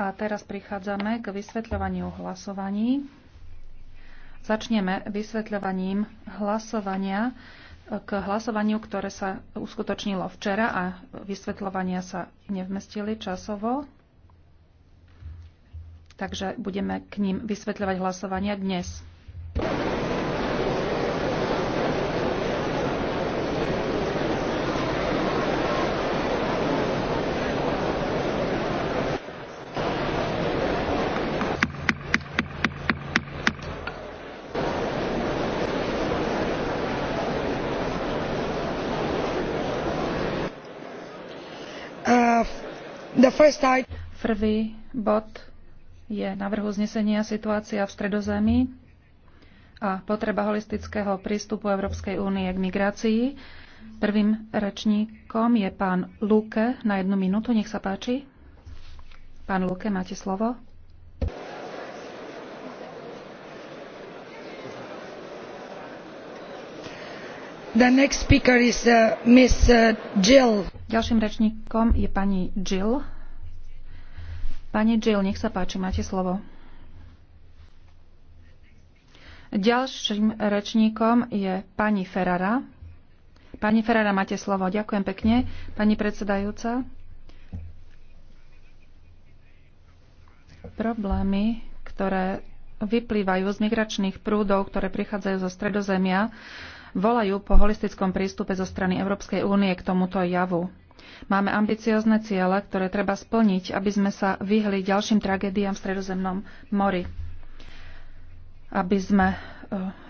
A teraz prichádzame k vysvetľovaniu hlasovaní. Začneme vysvetľovaním hlasovania k hlasovaniu, ktoré sa uskutočnilo včera a vysvetľovania sa nevmestili časovo. Takže budeme k ním vysvetľovať hlasovania dnes. Prvý bod je navrhu znesenia situácia v stredozemí a potreba holistického prístupu Európskej únie k migrácii. Prvým rečníkom je pán Luke na jednu minútu. Nech sa páči. Pán Luke, máte slovo. The next speaker is uh, Miss uh, Jill. Ďalším rečníkom je pani Jill Pani Jill, nech sa páči, máte slovo. Ďalším rečníkom je pani Ferrara. Pani Ferrara, máte slovo. Ďakujem pekne, pani predsedajúca. Problémy, ktoré vyplývajú z migračných prúdov, ktoré prichádzajú zo Stredozemia, volajú po holistickom prístupe zo strany Európskej únie k tomuto javu. Máme ambiciozne ciele, ktoré treba splniť, aby sme sa vyhli ďalším tragédiám v Stredozemnom mori. Aby sme e,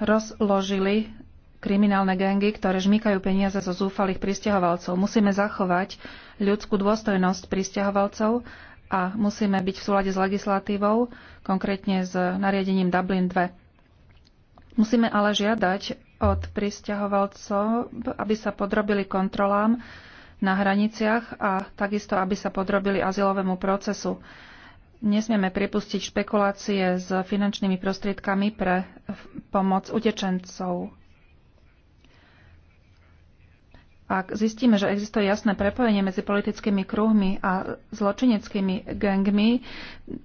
rozložili kriminálne gangy, ktoré žmýkajú peniaze zo zúfalých pristahovalcov. Musíme zachovať ľudskú dôstojnosť pristahovalcov a musíme byť v súlade s legislatívou, konkrétne s nariadením Dublin 2. Musíme ale žiadať od pristahovalcov, aby sa podrobili kontrolám, na hraniciach a takisto, aby sa podrobili azylovému procesu. Nesmieme pripustiť špekulácie s finančnými prostriedkami pre pomoc utečencov. Ak zistíme, že existuje jasné prepojenie medzi politickými kruhmi a zločineckými gangmi,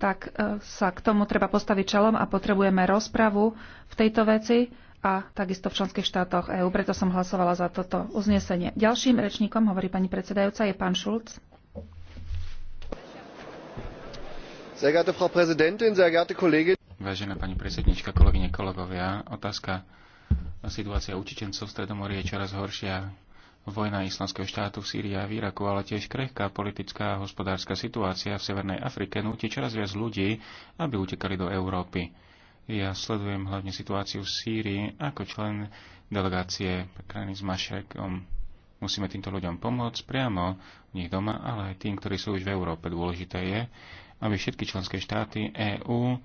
tak e, sa k tomu treba postaviť čelom a potrebujeme rozpravu v tejto veci a takisto v členských štátoch EÚ. Preto som hlasovala za toto uznesenie. Ďalším rečníkom, hovorí pani predsedajúca, je pán Šulc. Vážená pani predsednička, kolegyne, kolegovia, otázka situácia učičencov v Stredomorie je čoraz horšia. Vojna islamského štátu v Sýrii a v Iraku, ale tiež krehká politická a hospodárska situácia v Severnej Afrike núti čoraz viac ľudí, aby utekali do Európy. Ja sledujem hlavne situáciu v Sýrii ako člen delegácie krajiny s Mašekom. Musíme týmto ľuďom pomôcť priamo v nich doma, ale aj tým, ktorí sú už v Európe. Dôležité je, aby všetky členské štáty EÚ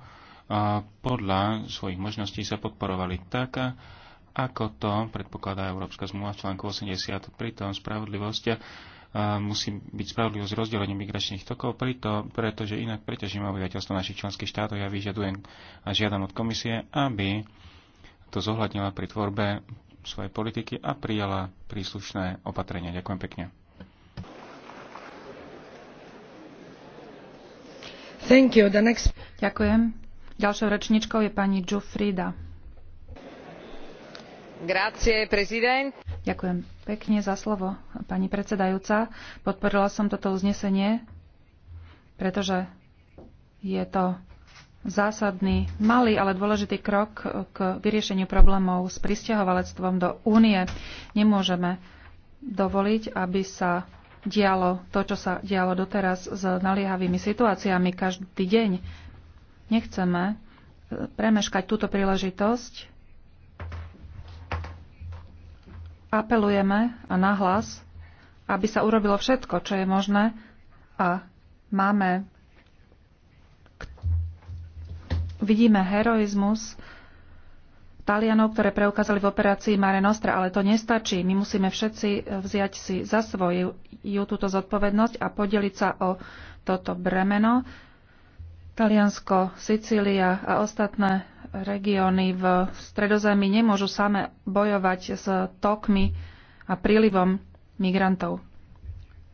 podľa svojich možností sa podporovali tak, ako to predpokladá Európska zmluva v článku 80. Pritom spravodlivosť musí byť spravodlivo s rozdelením migračných tokov, preto, pretože inak preťažíme obyvateľstvo našich členských štátov. Ja vyžadujem a žiadam od komisie, aby to zohľadnila pri tvorbe svojej politiky a prijala príslušné opatrenia. Ďakujem pekne. Thank you. The next... Ďakujem. Ďalšou rečničkou je pani Giuffrida. Grazie, prezident. Ďakujem pekne za slovo, pani predsedajúca. Podporila som toto uznesenie, pretože je to zásadný, malý, ale dôležitý krok k vyriešeniu problémov s pristahovalectvom do únie. Nemôžeme dovoliť, aby sa dialo to, čo sa dialo doteraz s naliehavými situáciami každý deň. Nechceme premeškať túto príležitosť apelujeme a nahlas, aby sa urobilo všetko, čo je možné a máme vidíme heroizmus Talianov, ktoré preukázali v operácii Mare Nostra, ale to nestačí. My musíme všetci eh, vziať si za svoju túto zodpovednosť a podeliť sa o toto bremeno. Taliansko, Sicília a ostatné regióny v stredozemi nemôžu same bojovať s tokmi a prílivom migrantov.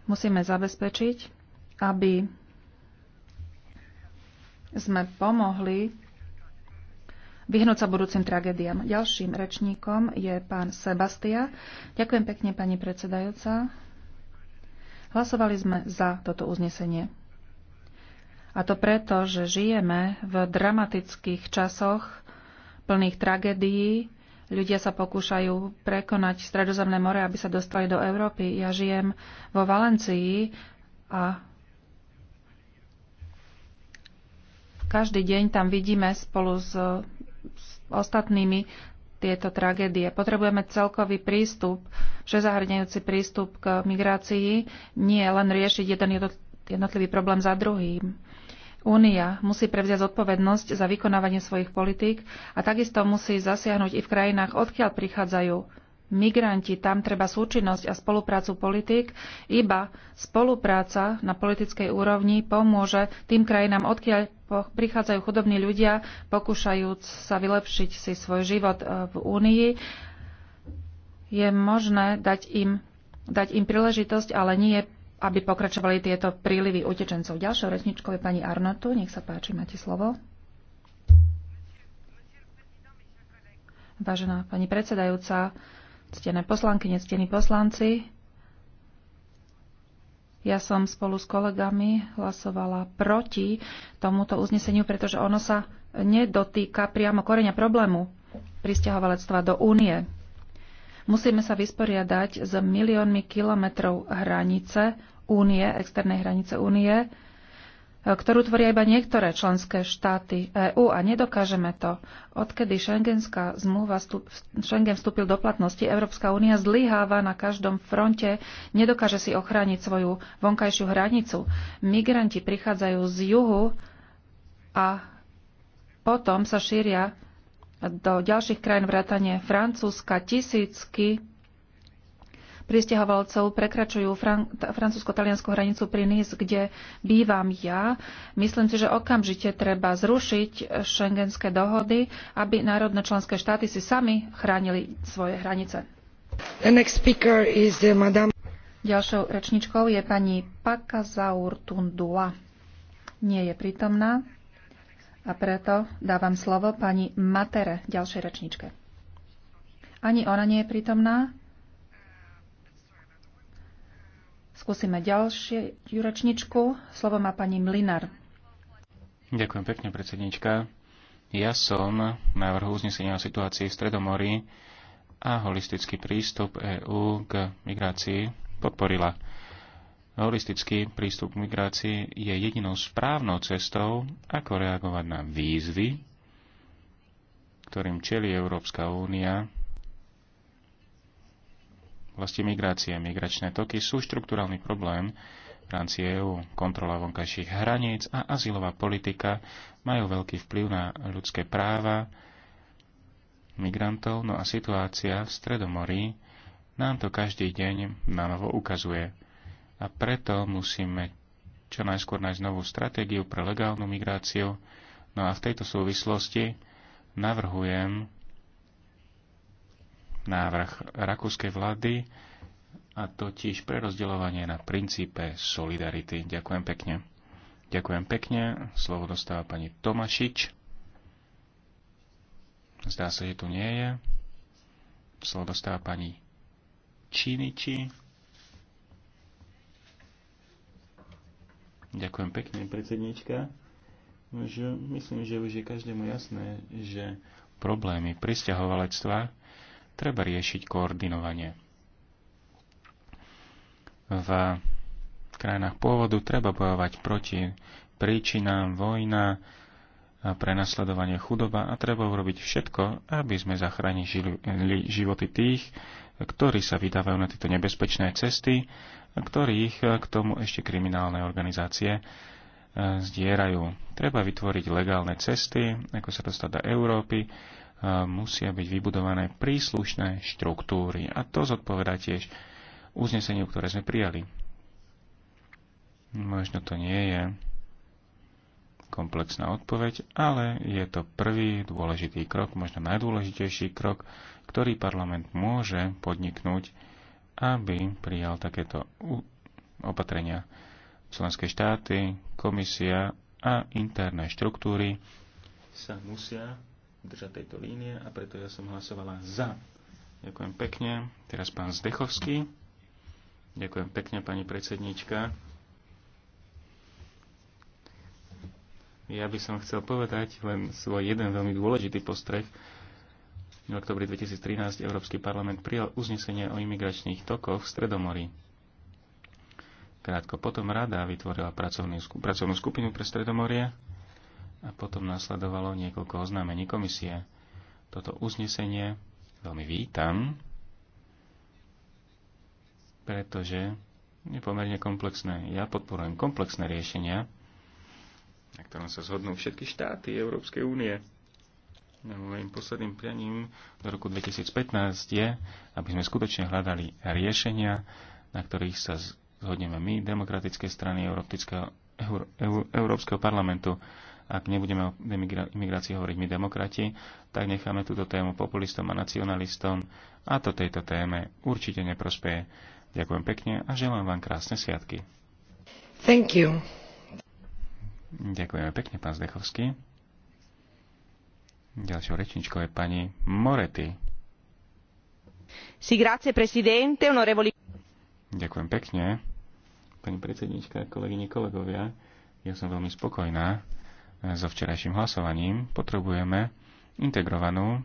Musíme zabezpečiť, aby sme pomohli vyhnúť sa budúcim tragédiám. Ďalším rečníkom je pán Sebastia. Ďakujem pekne, pani predsedajúca. Hlasovali sme za toto uznesenie. A to preto, že žijeme v dramatických časoch plných tragédií. Ľudia sa pokúšajú prekonať Stredozemné more, aby sa dostali do Európy. Ja žijem vo Valencii a každý deň tam vidíme spolu s, s ostatnými tieto tragédie. Potrebujeme celkový prístup, všezahrňajúci prístup k migrácii, nie len riešiť jeden jednotlivý problém za druhým. Únia musí prevziať zodpovednosť za vykonávanie svojich politík a takisto musí zasiahnuť i v krajinách, odkiaľ prichádzajú migranti. Tam treba súčinnosť a spoluprácu politík. Iba spolupráca na politickej úrovni pomôže tým krajinám, odkiaľ prichádzajú chudobní ľudia, pokúšajúc sa vylepšiť si svoj život e, v Únii. Je možné dať im, dať im príležitosť, ale nie aby pokračovali tieto prílivy utečencov. Ďalšou rečničkou je pani Arnotu. Nech sa páči, máte slovo. Vážená pani predsedajúca, ctené poslanky, nectení poslanci, ja som spolu s kolegami hlasovala proti tomuto uzneseniu, pretože ono sa nedotýka priamo koreňa problému pristahovalectva do únie. Musíme sa vysporiadať s miliónmi kilometrov hranice únie, externej hranice únie, ktorú tvoria iba niektoré členské štáty EÚ a nedokážeme to. Odkedy Schengenská zmluva vstup, Schengen vstúpil do platnosti, Európska únia zlyháva na každom fronte, nedokáže si ochrániť svoju vonkajšiu hranicu. Migranti prichádzajú z juhu a potom sa šíria do ďalších krajín vrátane Francúzska. Tisícky pristahovalcov prekračujú fran- francúzsko-taliansku hranicu pri nys, kde bývam ja. Myslím si, že okamžite treba zrušiť šengenské dohody, aby národné členské štáty si sami chránili svoje hranice. The next speaker is the uh, madame. Ďalšou rečničkou je pani Pakazaur Tundua. Nie je prítomná. A preto dávam slovo pani Matere, ďalšej rečničke. Ani ona nie je prítomná. Skúsime ďalšiu rečničku. Slovo má pani Mlinar. Ďakujem pekne, predsednička. Ja som návrhu uznesenia o situácii v Stredomorí a holistický prístup EÚ k migrácii podporila holistický prístup k migrácii je jedinou správnou cestou, ako reagovať na výzvy, ktorým čelí Európska únia. Vlastne migrácie, migračné toky sú štruktúrálny problém v rámci EÚ. Kontrola vonkajších hraníc a azylová politika majú veľký vplyv na ľudské práva migrantov, no a situácia v Stredomorí nám to každý deň na novo ukazuje a preto musíme čo najskôr nájsť novú stratégiu pre legálnu migráciu. No a v tejto súvislosti navrhujem návrh rakúskej vlády a totiž prerozdeľovanie na princípe solidarity. Ďakujem pekne. Ďakujem pekne. Slovo dostáva pani Tomašič. Zdá sa, že tu nie je. Slovo dostáva pani Činiči. Ďakujem pekne, predsednička. myslím, že už je každému jasné, že problémy pristahovalectva treba riešiť koordinovanie. V krajinách pôvodu treba bojovať proti príčinám vojna, prenasledovanie chudoba a treba urobiť všetko, aby sme zachránili životy tých, ktorí sa vydávajú na tieto nebezpečné cesty, ktorých k tomu ešte kriminálne organizácie e, zdierajú. Treba vytvoriť legálne cesty, ako sa dostať do Európy, e, musia byť vybudované príslušné štruktúry. A to zodpovedá tiež uzneseniu, ktoré sme prijali. Možno to nie je komplexná odpoveď, ale je to prvý dôležitý krok, možno najdôležitejší krok, ktorý parlament môže podniknúť, aby prijal takéto opatrenia. Členské štáty, komisia a interné štruktúry sa musia držať tejto línie a preto ja som hlasovala za. Ďakujem pekne. Teraz pán Zdechovský. Ďakujem pekne, pani predsedníčka. Ja by som chcel povedať len svoj jeden veľmi dôležitý postreh. V oktobri 2013 Európsky parlament prijal uznesenie o imigračných tokoch v Stredomorí. Krátko potom rada vytvorila pracovnú, skupinu pre Stredomorie a potom nasledovalo niekoľko oznámení komisie. Toto uznesenie veľmi vítam, pretože je pomerne komplexné. Ja podporujem komplexné riešenia, na ktorom sa zhodnú všetky štáty Európskej únie. No, mojím posledným prianím do roku 2015 je, aby sme skutočne hľadali riešenia, na ktorých sa zhodneme my, demokratické strany Európskeho, Európskeho parlamentu. Ak nebudeme o imigrácii hovoriť my demokrati, tak necháme túto tému populistom a nacionalistom a to tejto téme určite neprospeje. Ďakujem pekne a želám vám krásne sviatky. Thank you. Ďakujeme pekne, pán Zdechovský. Ďalšou rečničkou je pani Morety. Si grazie, presidente, onorevoli... Ďakujem pekne. Pani predsednička, kolegyne, kolegovia, ja som veľmi spokojná so včerajším hlasovaním. Potrebujeme integrovanú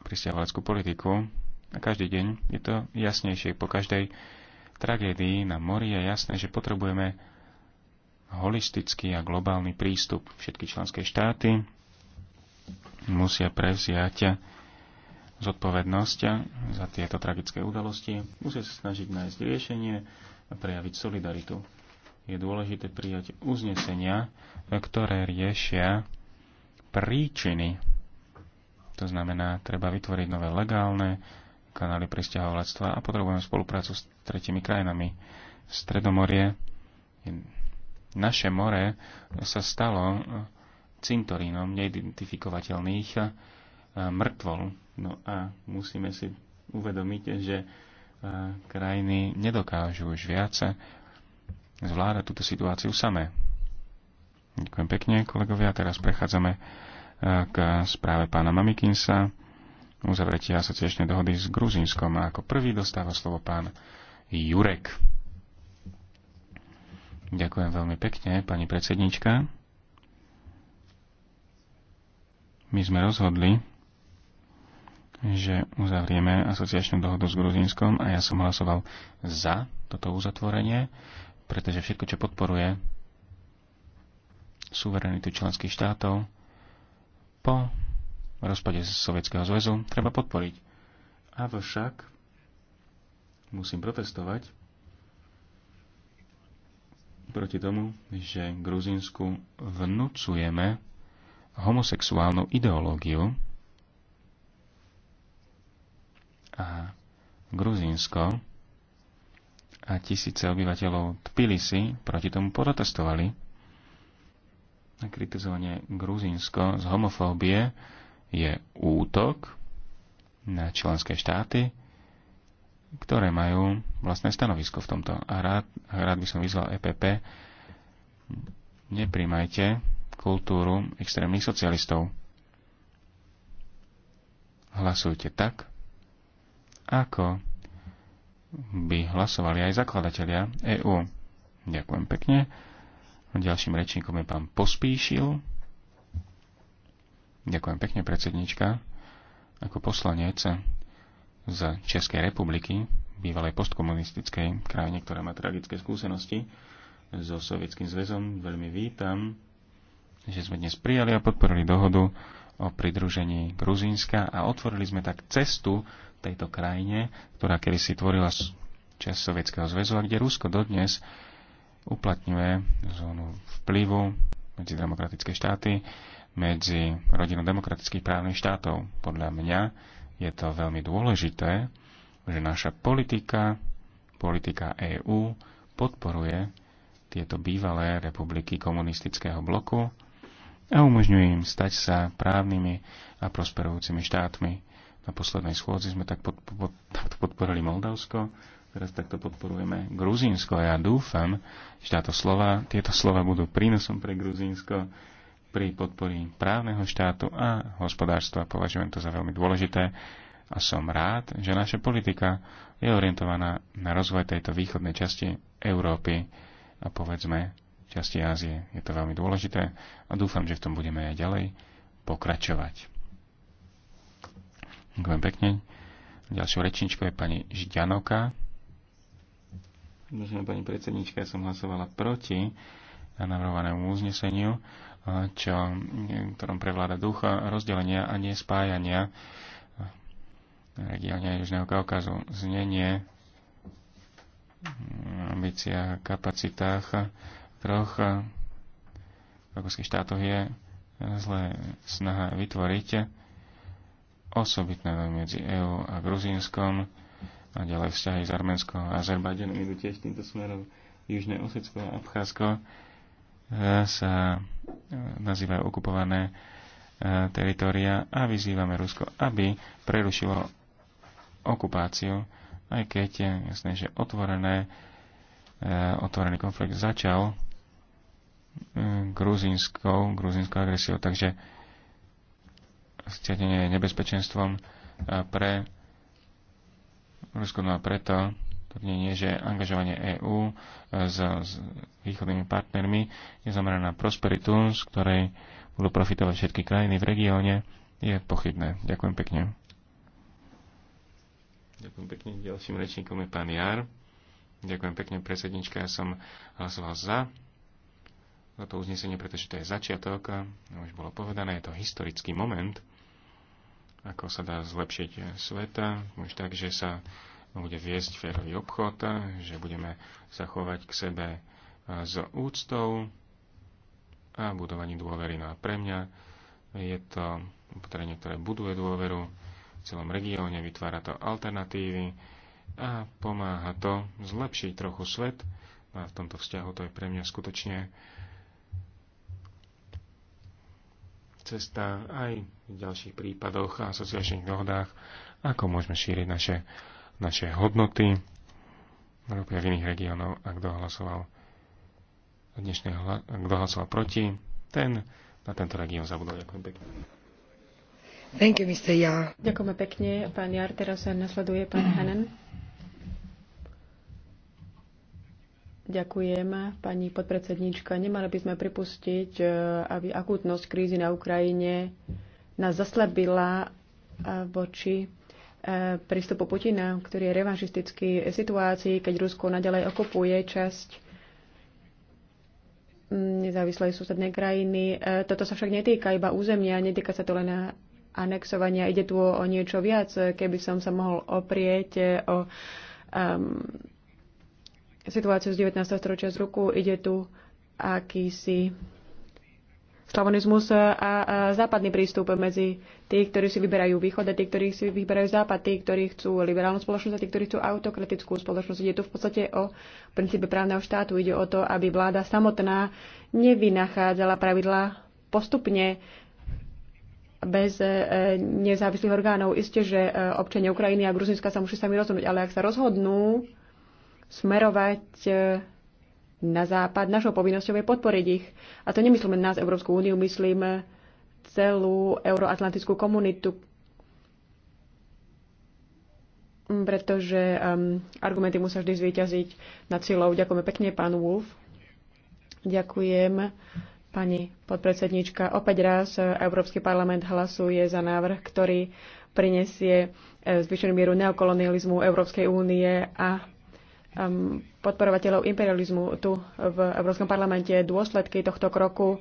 pristiavaleckú politiku a každý deň je to jasnejšie. Po každej tragédii na mori je jasné, že potrebujeme holistický a globálny prístup. Všetky členské štáty musia prevziať zodpovednosť za tieto tragické udalosti, musia sa snažiť nájsť riešenie a prejaviť solidaritu. Je dôležité prijať uznesenia, ktoré riešia príčiny. To znamená, treba vytvoriť nové legálne kanály presťahovalectva a potrebujeme spoluprácu s tretimi krajinami. Stredomorie je naše more sa stalo cintorínom neidentifikovateľných eh, mŕtvol. No a musíme si uvedomiť, že eh, krajiny nedokážu už viac zvládať túto situáciu samé. Ďakujem pekne, kolegovia. Teraz prechádzame eh, k správe pána Mamikinsa. Uzavretie asociačnej dohody s Gruzínskom. A ako prvý dostáva slovo pán Jurek. Ďakujem veľmi pekne, pani predsednička. My sme rozhodli, že uzavrieme asociačnú dohodu s Gruzínskom a ja som hlasoval za toto uzatvorenie, pretože všetko, čo podporuje suverenitu členských štátov po rozpade Sovietskeho zväzu, treba podporiť. Avšak musím protestovať, proti tomu, že Gruzínsku vnúcujeme homosexuálnu ideológiu a Gruzínsko a tisíce obyvateľov Tbilisi proti tomu protestovali. A kritizovanie Gruzínsko z homofóbie je útok na členské štáty, ktoré majú vlastné stanovisko v tomto. A rád, rád by som vyzval EPP, nepríjmajte kultúru extrémnych socialistov. Hlasujte tak, ako by hlasovali aj zakladatelia EÚ. Ďakujem pekne. Ďalším rečníkom je pán Pospíšil. Ďakujem pekne, predsednička. Ako poslanec z Českej republiky, bývalej postkomunistickej krajine, ktorá má tragické skúsenosti so Sovietským zväzom. Veľmi vítam, že sme dnes prijali a podporili dohodu o pridružení Gruzínska a otvorili sme tak cestu tejto krajine, ktorá kedy si tvorila časť Sovietskeho zväzu a kde Rusko dodnes uplatňuje zónu vplyvu medzi demokratické štáty, medzi rodinu demokratických právnych štátov. Podľa mňa je to veľmi dôležité, že naša politika, politika EÚ podporuje tieto bývalé republiky komunistického bloku a umožňuje im stať sa právnymi a prosperujúcimi štátmi. Na poslednej schôdzi sme tak pod, pod, takto podporili Moldavsko, teraz takto podporujeme Gruzínsko. Ja dúfam, že táto slova, tieto slova budú prínosom pre Gruzínsko pri podpori právneho štátu a hospodárstva. Považujem to za veľmi dôležité a som rád, že naša politika je orientovaná na rozvoj tejto východnej časti Európy a povedzme časti Ázie. Je to veľmi dôležité a dúfam, že v tom budeme aj ďalej pokračovať. Ďakujem pekne. Ďalšou rečničkou je pani Žďanovka. Vážená pani predsednička, ja som hlasovala proti navrhovanému uzneseniu čo, ktorom prevláda duch rozdelenia a nie spájania regióne Južného Kaukazu. Znenie mm, ambíciách, kapacitách troch kaukazských štátoch je zlé snaha vytvoriť osobitné medzi EÚ a Gruzínskom a ďalej vzťahy s Arménskom a Azerbajďanom idú tiež týmto smerom. Južné Osecko a Abcházsko e, sa nazývajú okupované e, teritoria a vyzývame Rusko, aby prerušilo okupáciu, aj keď je jasné, že otvorené, e, otvorený konflikt začal e, gruzínskou, gruzínskou agresiou, takže stiahnenie je nebezpečenstvom pre Rusko, no a preto tvrdenie, že angažovanie EÚ e, s, s východnými partnermi je zamerané na prosperitu, z ktorej budú profitovať všetky krajiny v regióne, je pochybné. Ďakujem pekne. Ďakujem pekne. Ďalším rečníkom je pán Jar. Ďakujem pekne, predsednička. Ja som hlasoval za za to uznesenie, pretože to je začiatok, už bolo povedané, je to historický moment, ako sa dá zlepšiť sveta, už tak, že sa bude viesť férový obchod, že budeme sa chovať k sebe e, s úctou a budovaní dôvery. No a pre mňa je to opatrenie, ktoré buduje dôveru v celom regióne, vytvára to alternatívy a pomáha to zlepšiť trochu svet. No a v tomto vzťahu to je pre mňa skutočne cesta aj v ďalších prípadoch a asociačných dohodách, ako môžeme šíriť naše naše hodnoty, robia v iných regiónov a kto hlasoval dnešného, kto hlasoval proti, ten na tento región zabudol. Ďakujem pekne. Thank you, Mr. Ja. Ďakujeme pekne. Pán Jar, teraz nasleduje pán Hanen. Ďakujem, pani podpredsedníčka. Nemali by sme pripustiť, eh, aby akútnosť krízy na Ukrajine nás zaslabila eh, voči prístupu Putina, ktorý je revanšistický situácii, keď Rusko nadalej okupuje časť mm, nezávislej susednej krajiny. E, toto sa však netýka iba územia, netýka sa to len anexovania, ide tu o niečo viac. Keby som sa mohol oprieť e, o um, situáciu z 19. storočia z ruku, ide tu akýsi slavonizmus a západný prístup medzi tí, ktorí si vyberajú východ a tí, ktorí si vyberajú západ, tí, ktorí chcú liberálnu spoločnosť a tí, ktorí chcú autokratickú spoločnosť. Je tu v podstate o princípe právneho štátu. Ide o to, aby vláda samotná nevynachádzala pravidlá postupne bez e, nezávislých orgánov. Isté, že e, občania Ukrajiny a Gruzinska sa musí sami rozhodnúť, ale ak sa rozhodnú smerovať e, na západ. Našou povinnosťou je podporiť ich. A to nemyslíme nás, Európsku úniu, myslím celú euroatlantickú komunitu, pretože um, argumenty musia vždy zvíťaziť nad silou. Ďakujeme pekne, pán Wolf. Ďakujem, pani podpredsednička. Opäť raz Európsky parlament hlasuje za návrh, ktorý prinesie eh, zvyšenú mieru neokolonializmu Európskej únie a podporovateľov imperializmu tu v Európskom parlamente dôsledky tohto kroku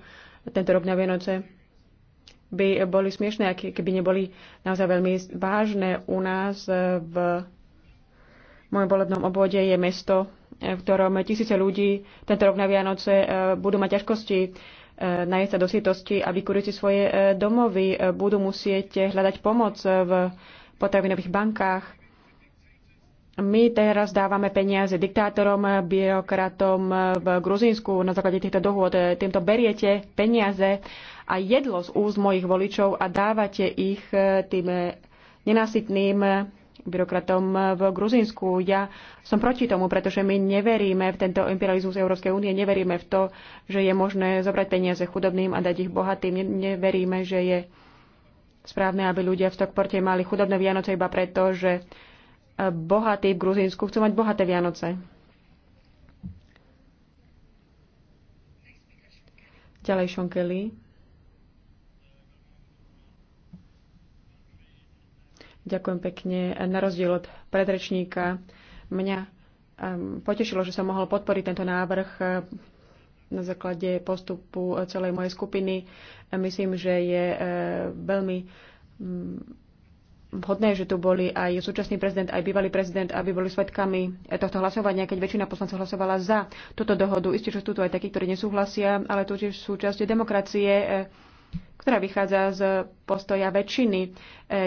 tento rok na Vianoce by boli smiešné, keby neboli naozaj veľmi vážne. U nás eh, v mojom volebnom obvode je mesto, eh, v ktorom tisíce ľudí tento rok na Vianoce eh, budú mať ťažkosti nájsť sa do sitosti a vykúriť si svoje domovy. Budú musieť hľadať pomoc v potravinových bankách my teraz dávame peniaze diktátorom, byrokratom v Gruzínsku na základe týchto dohôd. E, týmto beriete peniaze a jedlo z úst mojich voličov a dávate ich e, tým e, nenasytným byrokratom v Gruzínsku. Ja som proti tomu, pretože my neveríme v tento imperializmus Európskej únie, neveríme v to, že je možné zobrať peniaze chudobným a dať ich bohatým. Neveríme, že je správne, aby ľudia v Stokporte mali chudobné Vianoce iba preto, že bohatí v Gruzínsku, chcú mať bohaté Vianoce. Ďalej Sean Kelly. Ďakujem pekne. Na rozdiel od predrečníka mňa um, potešilo, že som mohol podporiť tento návrh uh, na základe postupu celej mojej skupiny. Myslím, že je uh, veľmi mm, vhodné, že tu boli aj súčasný prezident, aj bývalý prezident, aby boli svetkami tohto hlasovania, keď väčšina poslancov hlasovala za túto dohodu. Isté, že sú tu aj takí, ktorí nesúhlasia, ale to tiež súčasť demokracie, eh, ktorá vychádza z postoja väčšiny. Eh,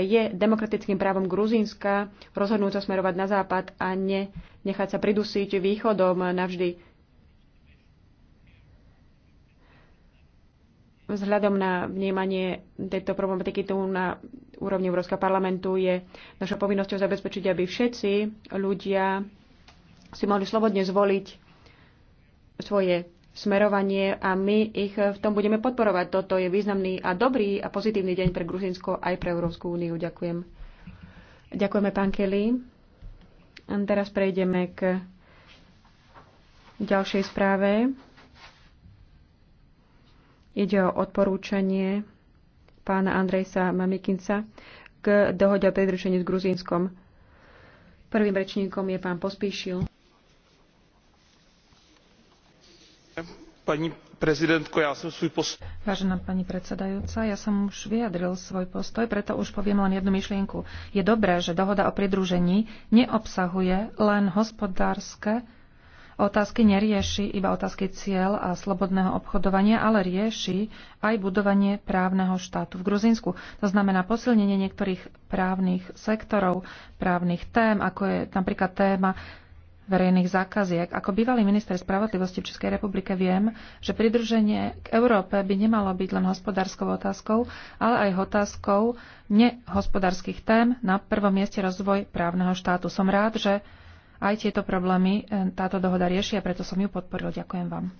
je demokratickým právom Gruzínska rozhodnúť sa smerovať na západ a ne, nechať sa pridusiť východom navždy. Vzhľadom na vnímanie tejto problematiky tu na úrovni Európskeho parlamentu je našou povinnosťou zabezpečiť, aby všetci ľudia si mohli slobodne zvoliť svoje smerovanie a my ich v tom budeme podporovať. Toto je významný a dobrý a pozitívny deň pre Gruzinsko aj pre Európsku úniu. Ďakujem. Ďakujeme, pán Kelly. A teraz prejdeme k ďalšej správe. Ide o odporúčanie pána Andrejsa Mamikinca k dohode o pridružení s Gruzínskom. Prvým rečníkom je pán Pospíšil. Pani prezidentko, ja som svoj postoj... Vážená pani predsedajúca, ja som už vyjadril svoj postoj, preto už poviem len jednu myšlienku. Je dobré, že dohoda o pridružení neobsahuje len hospodárske otázky nerieši iba otázky cieľ a slobodného obchodovania, ale rieši aj budovanie právneho štátu v Gruzínsku. To znamená posilnenie niektorých právnych sektorov, právnych tém, ako je napríklad téma verejných zákaziek. Ako bývalý minister spravodlivosti v Českej republike viem, že pridruženie k Európe by nemalo byť len hospodárskou otázkou, ale aj otázkou nehospodárskych tém, na prvom mieste rozvoj právneho štátu. Som rád, že aj tieto problémy e, táto dohoda rieši a preto som ju podporil. Ďakujem vám.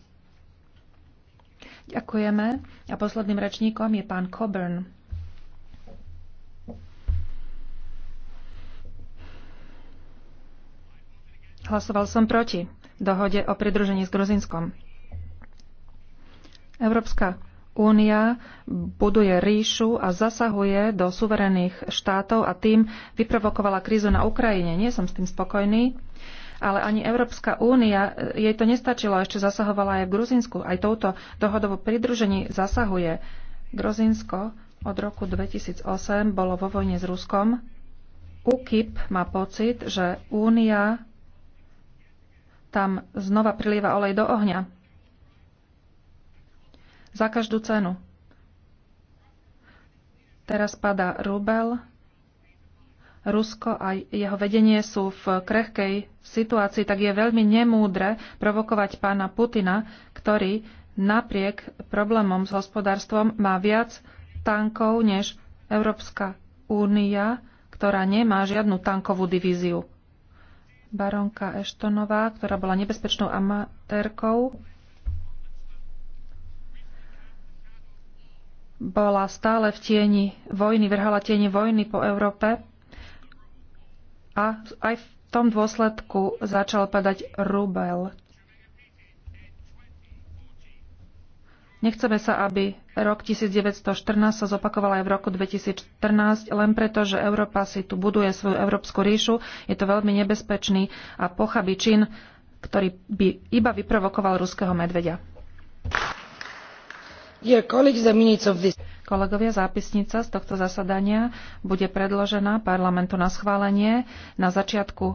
Ďakujeme. A posledným rečníkom je pán Coburn. Hlasoval som proti dohode o pridružení s Gruzinskom. Európska Únia buduje ríšu a zasahuje do suverených štátov a tým vyprovokovala krízu na Ukrajine. Nie som s tým spokojný, ale ani Európska únia, e, jej to nestačilo, ešte zasahovala aj v Gruzinsku. Aj touto dohodovo pridružení zasahuje. Gruzinsko od roku 2008 bolo vo vojne s Ruskom. UKIP má pocit, že únia tam znova prilieva olej do ohňa. Za každú cenu. Teraz padá rubel. Rusko a jeho vedenie sú v krehkej situácii, tak je veľmi nemúdre provokovať pána Putina, ktorý napriek problémom s hospodárstvom má viac tankov než Európska únia, ktorá nemá žiadnu tankovú divíziu. Baronka Eštonová, ktorá bola nebezpečnou amatérkou, bola stále v tieni vojny, vrhala tieni vojny po Európe a aj v tom dôsledku začal padať rubel. Nechceme sa, aby rok 1914 sa zopakoval aj v roku 2014, len preto, že Európa si tu buduje svoju európsku ríšu. Je to veľmi nebezpečný a pochabý čin, ktorý by iba vyprovokoval ruského medvedia. Kolegovia, zápisnica z tohto zasadania bude predložená parlamentu na schválenie na začiatku